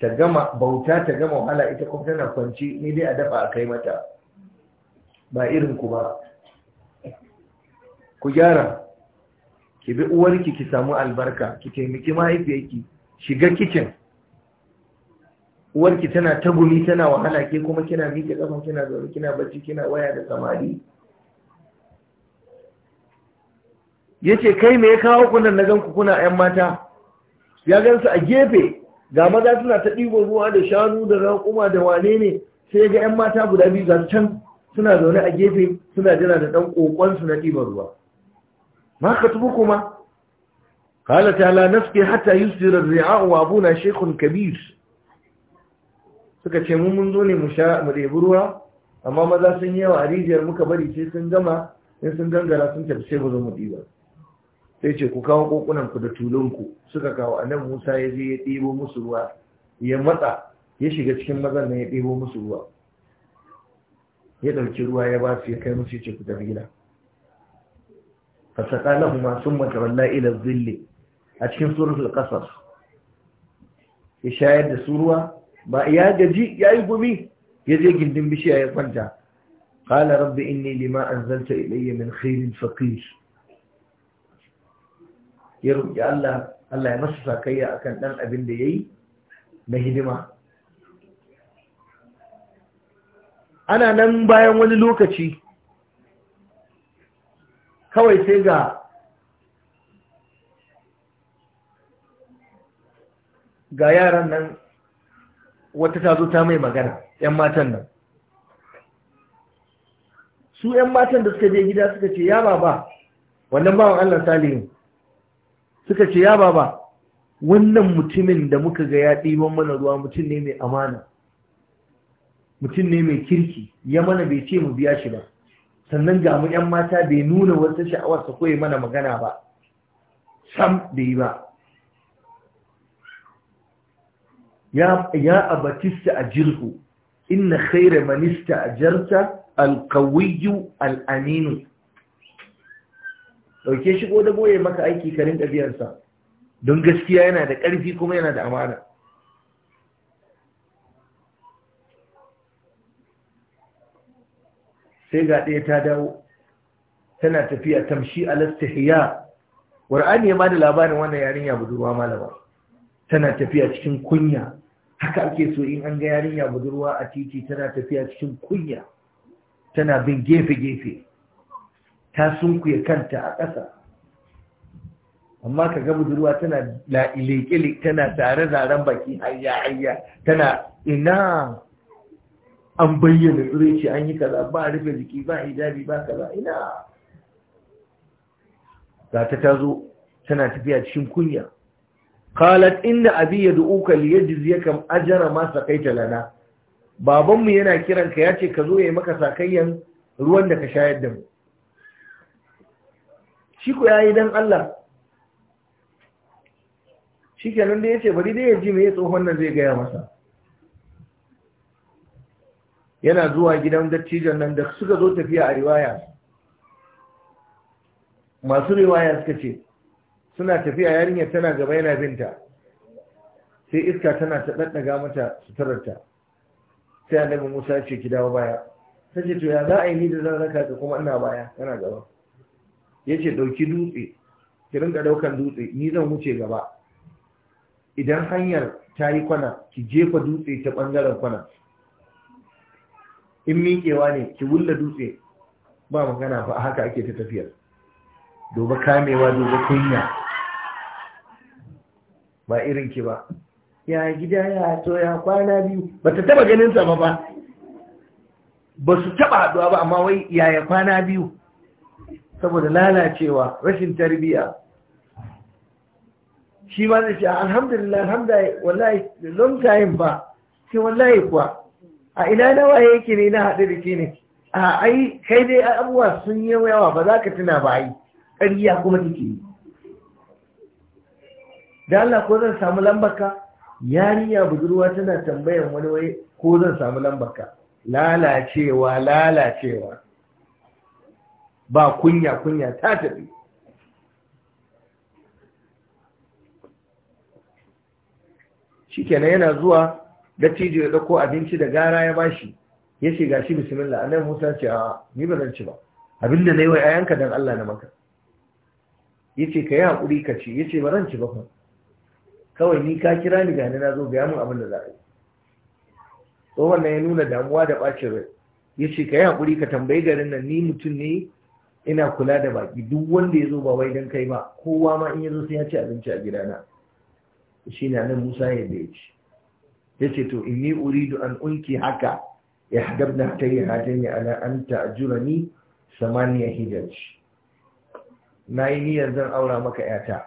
ta gama bauta ta gama wahala ita kuma tana kwanci ne dai a dafa a kai mata ba irin ku ba ku gyara ki bi uwarki ki samu albarka ki taimaki mahaifiyarki shiga kicin uwarki tana tagumi tana wahala ke kuma kina miƙe kafa kina zaune kina bacci kina waya da samari yace kai me ya kawo ku na gan ku kuna ƴan mata ya gan su a gefe ga maza suna ta ɗibo ruwa da shanu da raƙuma da wane ne sai ga 'yan mata guda biyu za can suna zaune a gefe suna jira da ɗan ƙoƙon na ɗiban ruwa ما خطبكما قال تعالى نسقي حتى يسجر الرعاء وابونا شيخ كبير suka ce mun mun zo ne mu sha mu ɗebi ruwa amma maza sun yi yawa a rijiyar muka bari sai sun gama in sun gangara sun tafi sai ba zo mu ɗiba sai ce ku kawo kokunan ku da tulunku suka kawo annabi Musa ya je ya ɗebo musu ruwa ya matsa ya shiga cikin mazan nan ya ɗebo musu ruwa ya ɗauki ruwa ya ba su ya kai musu ya ce ku tafi gida فسقى لهما ثم تولى إلى الظل أتكن سورة القصص يشاهد السورة ba ya gaji ya yi gumi ya je gindin bishiya ya kwanta Kala rabbi inni lima anzalta ilayya min khairin faqir ya roki Allah Allah ya masa sakayya akan ɗan abin da yayi na hidima ana nan bayan wani lokaci kawai sai ga ga yaran nan wata ta zo ta mai magana 'yan matan nan su 'yan matan da suka je gida suka ce ya baba wannan bawan Allah salihu suka ce ya baba wannan mutumin da muka ga ya ɗiban mana ruwa mutum ne mai amana mutum ne mai kirki ya mana bai ce mu biya shi ba sannan ga mu ‘yan mata bai nuna wata sha'awar ta koyi mana magana ba sam da yi ba ya abatista a jirhu inna khaira manista a jarta alkawiyu aminu ɗauke shigo da boye maka aiki karin ɗabiyarsa don gaskiya yana da ƙarfi kuma yana da amana sai ga ɗaya ta dawo tana tafiya tamshi alastahiya ƙur'ani ya bada labarin wannan yarinya budurwa malama tana tafiya cikin kunya haka ake so in an ga yarinya budurwa a titi tana tafiya cikin kunya tana bin gefe-gefe ta sunkuya kanta a ƙasa amma ka ga budurwa tana la'ilekilik tana tare zaren baki hayya hayya tana ina an bayyana ce an yi kaza ba rufe jiki ba hijabi ba kaza ina ga ta tazo tana tafiya cikin kunya qalat inna abi yad'uka liyajziyakam ajra ma Sakaita lana babanmu yana kiranka yace ka zo yayi maka sakayyan ruwan da ka shayar da mu shi ko yayi dan Allah kenan da yace bari dai ya ji me tsohon nan zai gaya masa yana zuwa gidan dattijan nan da suka zo tafiya a riwaya masu riwaya suka ce suna tafiya yarinyar tana gaba yana binta sai iska tana ta daddaga mata suturarta sai annabi Musa ya ce ki dawo baya ta ce to ya za a yi ni da zan raka ka kuma ina baya tana gaba ya ce ɗauki dutse ki rinka ɗaukan dutse ni zan wuce gaba idan hanyar ta yi kwana ki jefa dutse ta ɓangaren kwana in miƙewa ne ki wulla dutse ba magana ba haka ake ta tafiyar duba kamewa duba kunya ba irin ki ba ya gida ya to ya kwana biyu ba ta taba ganin sa ba ba ba su taba haɗuwa ba amma wai ya kwana biyu saboda lalacewa rashin tarbiya shi ma zai ce alhamdulillah alhamdulillah wallahi long time ba sai wallahi kuwa a ina nawa yake ne na haɗu da ke ne a ai kai dai abubuwa sun yi yawa ba za ka tuna ba yi ƙariya kuma take yi da Allah ko zan samu lambarka yariya budurwa tana tambayar wani wai ko zan samu lambarka lalacewa lalacewa ba kunya kunya ta tafi kenan yana zuwa dattijo ya dauko abinci da gara ya bashi ya ce gashi bismillah annabi Musa ce a ni ba zan ci ba abinda nayi wa ayanka dan Allah na maka yace ka yi hakuri ka ci yace ba zan ci ba fa kawai ni ka kira ni gani na zo ga mun abin da za a yi tsohon na ya nuna damuwa da bacin rai yace ka yi hakuri ka tambayi garin nan ni mutum ne ina kula da baki duk wanda ya zo ba wai dan kai ba kowa ma in ya zo sai ya ci abinci a gidana shi na nan Musa ya da Ya ce to in inni uridu an unki haka ya ihdabna hatayya hatayni ala an ni samaniya Na yi niyyar zan aura maka yata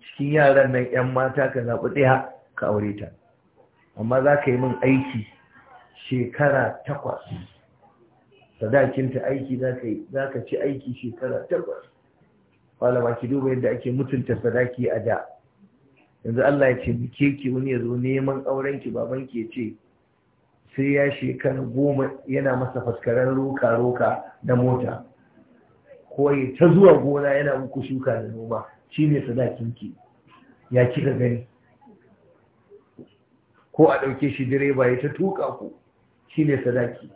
cikin yaran nan yan mata ka zaɓi ɗaya ka aure ta amma za ka yi min aiki shekara takwas sadakinta aiki za ka ci aiki shekara takwas malama ki duba yadda ake mutunta sadaki a da yanzu Allah ya ce buke ki wani ya zo neman auren ki baban ki ce sai ya shekara goma yana masa faskaren roka roka da mota ko ya ta zuwa gona yana muku shuka da noma Shi ne sadakin ki ya kika gani ko a ɗauke shi direba ya ta tuka ku ne sadaki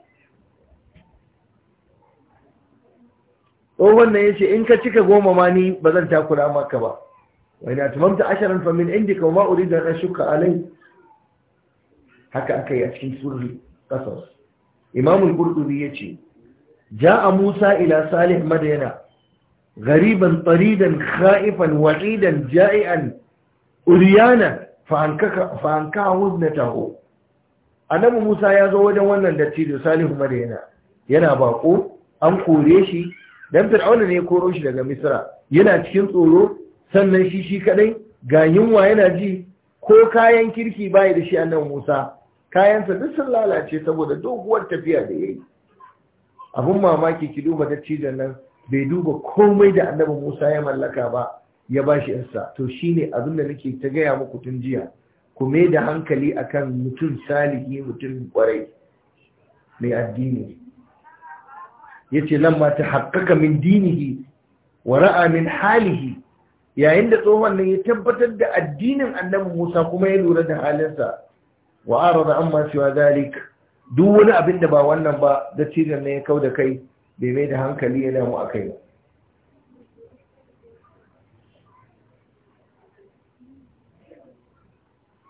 tsohon nan ya ce in ka cika goma ma ni ba zan takura maka ba وإن أتممت عشرا فمن عندك وما أريد أن أشك عليه هكا أكي أتكين سر قصص إمام القرطبي يتي جاء موسى إلى صالح مدينة غريبا طريدا خائفا وعيدا جائعا أريانا فأنكعه ابنته أنم موسى يزود ونن لتيد صالح مدينة yana bako an kore shi dan Fir'auna ne koro shi daga Misra yana cikin tsoro sannan shi shi kadai ga yunwa yana ji ko kayan kirki bayi da shi annan Musa kayansa duk sun lalace saboda doguwar tafiya da yayi Abin mamaki ki duba ta dattijan nan bai duba komai da annabi Musa ya mallaka ba ya ba shi yansa to shine abin da nake ta gaya muku tun jiya ku mai da hankali akan mutum salihi mutum kwarai mai addini yace lamma ta haƙƙaƙa min dinihi wa ra'a min halihi yayin da tsohon nan ya tabbatar da addinin annabi Musa kuma ya lura da halinsa wa arada amma siwa zalik duk wani abin da ba wannan ba da cijan ne ya kau da kai bai mai da hankali ya damu a kai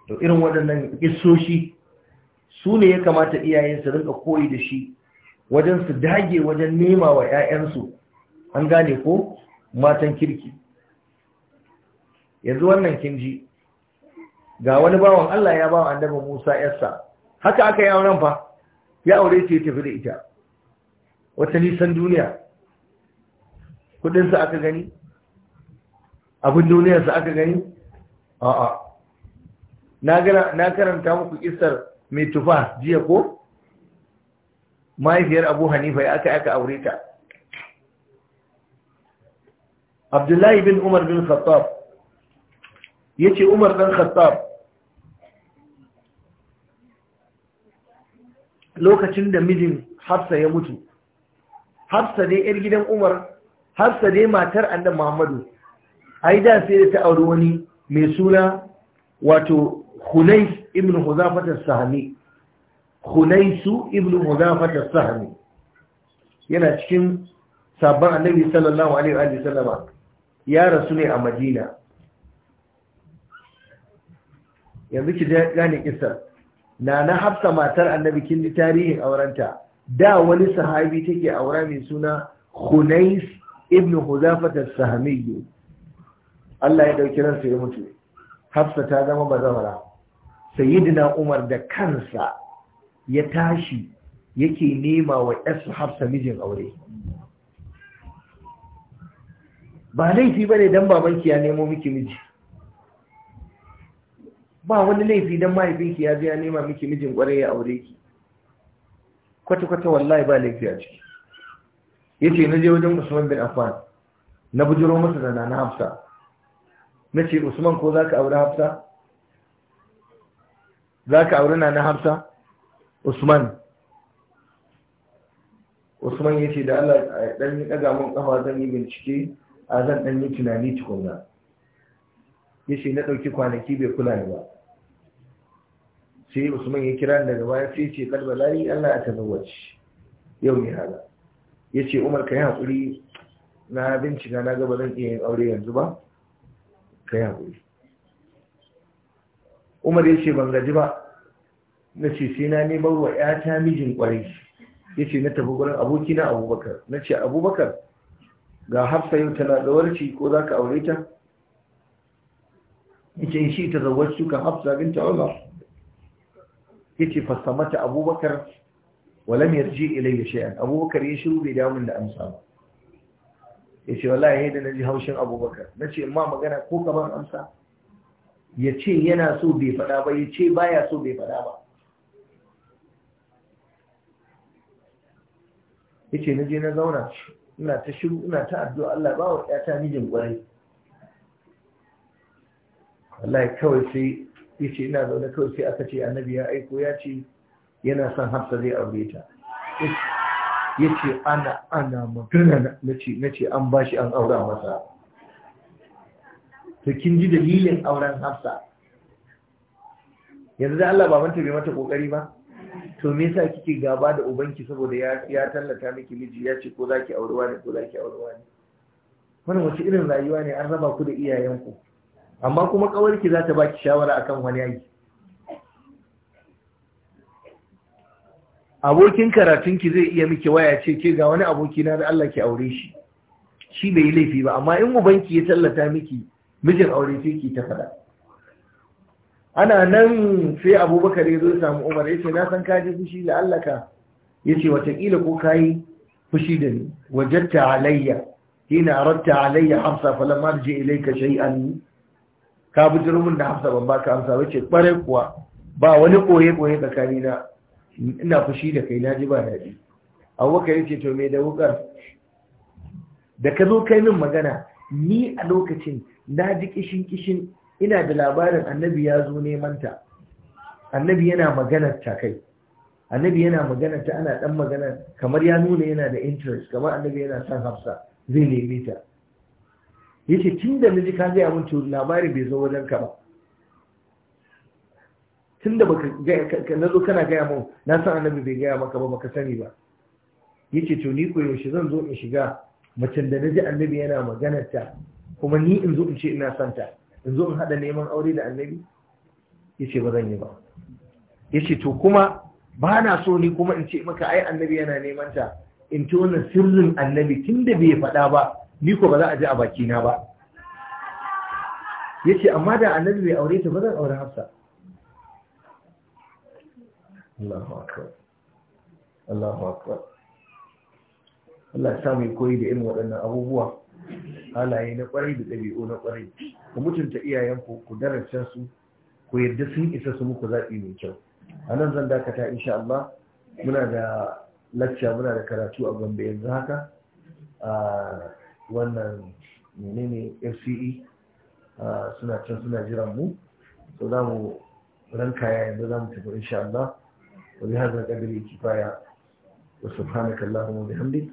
to irin waɗannan isoshi su ne ya kamata iyayen su rinka koyi da shi wajen su dage wajen nema wa 'ya'yansu an gane ko matan kirki yanzu wannan kin ji ga wani bawan Allah ya bawa annabi Musa yarsa haka aka yi auren fa ya aure ce tafi da ita wata nisan duniya kudinsa aka gani abin duniyarsa aka gani a'a na karanta muku kissar mai tufa jiya ko mahaifiyar abu hanifa ya aka aka aure ta abdullahi bin umar bin khattab yace Umar dan Khattab lokacin da mijin Hafsa ya mutu Hafsa dai yar gidan Umar Hafsa dai matar Annabi Muhammadu ai da sai ta auri wani mai suna wato Khulais ibn Huzafat as-Sahmi ibn Huzafat as-Sahmi yana cikin sabon Annabi sallallahu alaihi wa sallama ya rasu ne a Madina yanzu ki gane kisar na na hafsa matar annabi kin ji tarihin aurenta da wani sahabi take aura mai suna hunais ibn Hudhafa as-sahmi Allah ya dauki ransa ya mutu hafsa ta zama bazawara sayyidina umar da kansa ya tashi yake nema wa yarsu hafsa mijin aure ba laifi bane dan babanki ya nemo miki miji ba wani laifi don mahaifinki ya je ya nema miki mijin kwarai ya aure ki kwata-kwata wallahi ba laifi a ciki ya ce na je wajen usman bin Afan. na bujiro masa da nana hafsa na ce usman ko za ka aure hafsa za ka aure nana hafsa usman usman ya ce da allah ɗan yi ɗaga mun ƙafa zan yi bincike a zan ɗan yi tunani tukunna ya ce na ɗauki kwanaki bai kula ni ba sai usman ya kira daga baya sai ce kalba lari Allah ya tazawwaci yau ne hada ce Umar yi hakuri na bincika na ga ba zan iya yin aure yanzu ba yi haƙuri Umar ce ban gaji ba Na ce sai na neman wa ƴata mijin Ya ce na tafi gurin na Abubakar Na ce Abubakar ga Hafsa yau tana gawarci ko za ka aure ta yi shi ta tazawwaci kan Hafsa binta Umar yace fasamata abubakar walam yarji ilayya shay'an abubakar ya shiru bai dawo min da amsa ba yace wallahi da naji haushin abubakar nace amma magana ko kaman amsa yace yana so bai faɗa ba yace baya so bai faɗa ba yace naje na zauna ina ta shiru ina ta addu'a Allah ba wa ƴata mijin gwarai wallahi kawai sai ya ce ina zaune kawai sai aka ce annabi ya aiko ya ce yana son hafsa zai aure ta ya ce ana ana magana na ce an bashi an aura masa to kin ji dalilin auren hafsa yanzu da Allah ba babanta bai mata kokari ba to me yasa kike gaba da ubanki saboda ya ya tallata miki miji ya ce ko zaki aurewa ne ko zaki aurewa ne wannan wace irin rayuwa ne an raba ku da iyayenku amma kuma kawarki za ta baki shawara akan wani aiki abokin karatun ki zai iya miki waya ce ke ga wani abokina da Allah ke aure shi shi bai laifi ba amma in ubanki ya tallata miki mijin aure sai ki ta fada ana nan sai abubakar ya zo samu umar ya ce na san ka ji fushi da Allah ka ya ce watakila ko ka yi fushi da ni wajatta alayya yana aratta alayya hafsa falamma arji ilayka shay'an ka bi jirumin da hafsa ban baka amsa ba ce kware kuwa ba wani koye koye tsakani na ina fushi da kai naji ba daɗi abubakar ce to me da wukar da ka zo kai min magana ni a lokacin na ji kishin kishin ina da labarin annabi ya zo neman ta annabi yana maganar ta kai annabi yana maganar ta ana dan magana kamar ya nuna yana da interest kamar annabi yana son hafsa zai neme ta yace tun da miji ka gaya mun to labarin bai zo wajen ka ba tun da baka na zo kana gaya mun na san annabi bai gaya maka ba baka sani ba yace to ni ko yaushe zan zo in shiga macen da naji annabi yana magana ta kuma ni in zo in ce ina son ta in zo in hada neman aure da annabi yace ba zan yi ba yace to kuma ba na so ni kuma in ce maka ai annabi yana neman ta in ci wannan sirrin annabi tun da bai faɗa ba ni ko ba za a je a bakina ba yace amma da annabi bai aure ta ba zan aure hafsa Allahu akbar Allahu akbar Allah ya samu koyi da irin waɗannan abubuwa halaye na kwarai da ɗabi'u na kwarai ku mutunta iyayenku ku daraja su ku yarda sun isa su muku zaɓi mai kyau a nan zan dakata insha Allah muna da lacca muna da karatu a Gombe yanzu haka ah, wannan menene fce ah, suna can suna jiran mu so za mu ranka yanzu za mu tafi insha Allah wa bi hadha qadri kifaya wa subhanaka allahumma wa bihamdik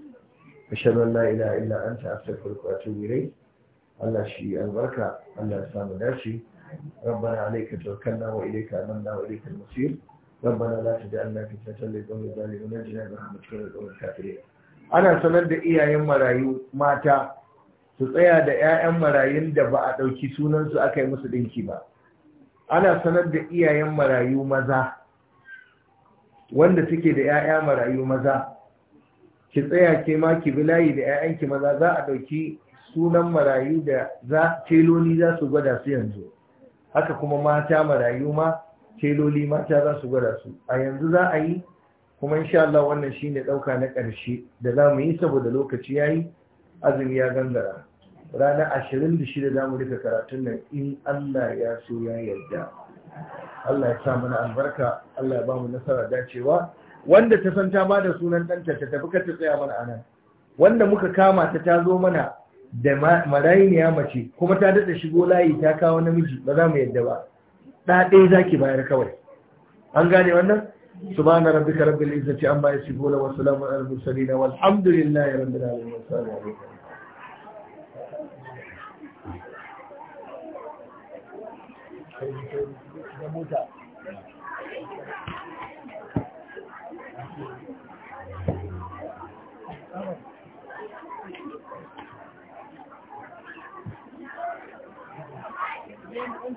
ashhadu an la ilaha illa anta astaghfiruka wa atubu ilayk Allah shi albarka Allah ya samu dace ربنا عليك توكلنا وإليك أمنا وإليك المصير ربنا لا تجعلنا فتنة للقوم الظالمين ونجنا برحمتك من القوم الكافرين ana sanar da iyayen marayu mata su tsaya da 'ya'yan marayun da ba a ɗauki sunansu aka yi musu ɗinki ba ana sanar da iyayen marayu maza wanda suke da 'ya'ya marayu maza ki tsaya ke ma ki bi layi da 'ya'yanki maza za a ɗauki sunan marayu da za teloli za su gwada su yanzu haka kuma mata marayu ma teloli mata za su gwada su a yanzu za a yi kuma insha Allah wannan ne ɗauka na ƙarshe da za mu yi saboda lokaci ya yi azumi ya gangara ranar shida za mu rika karatun nan in Allah ya so ya yarda Allah ya sa mana albarka Allah ya ba mu nasara dacewa wanda ta san ta bada sunan ɗanta ta tafi ta tsaya mana anan wanda muka kama ta ta zo mana da marayiniya mace kuma ta daɗa shigo layi ta kawo namiji ba za mu yadda ba ɗaɗe za ki bayar kawai an gane wannan سبحان ربك رب العزة عما يصفون وسلام على المرسلين والحمد لله رب العالمين والسلام عليكم Thank you.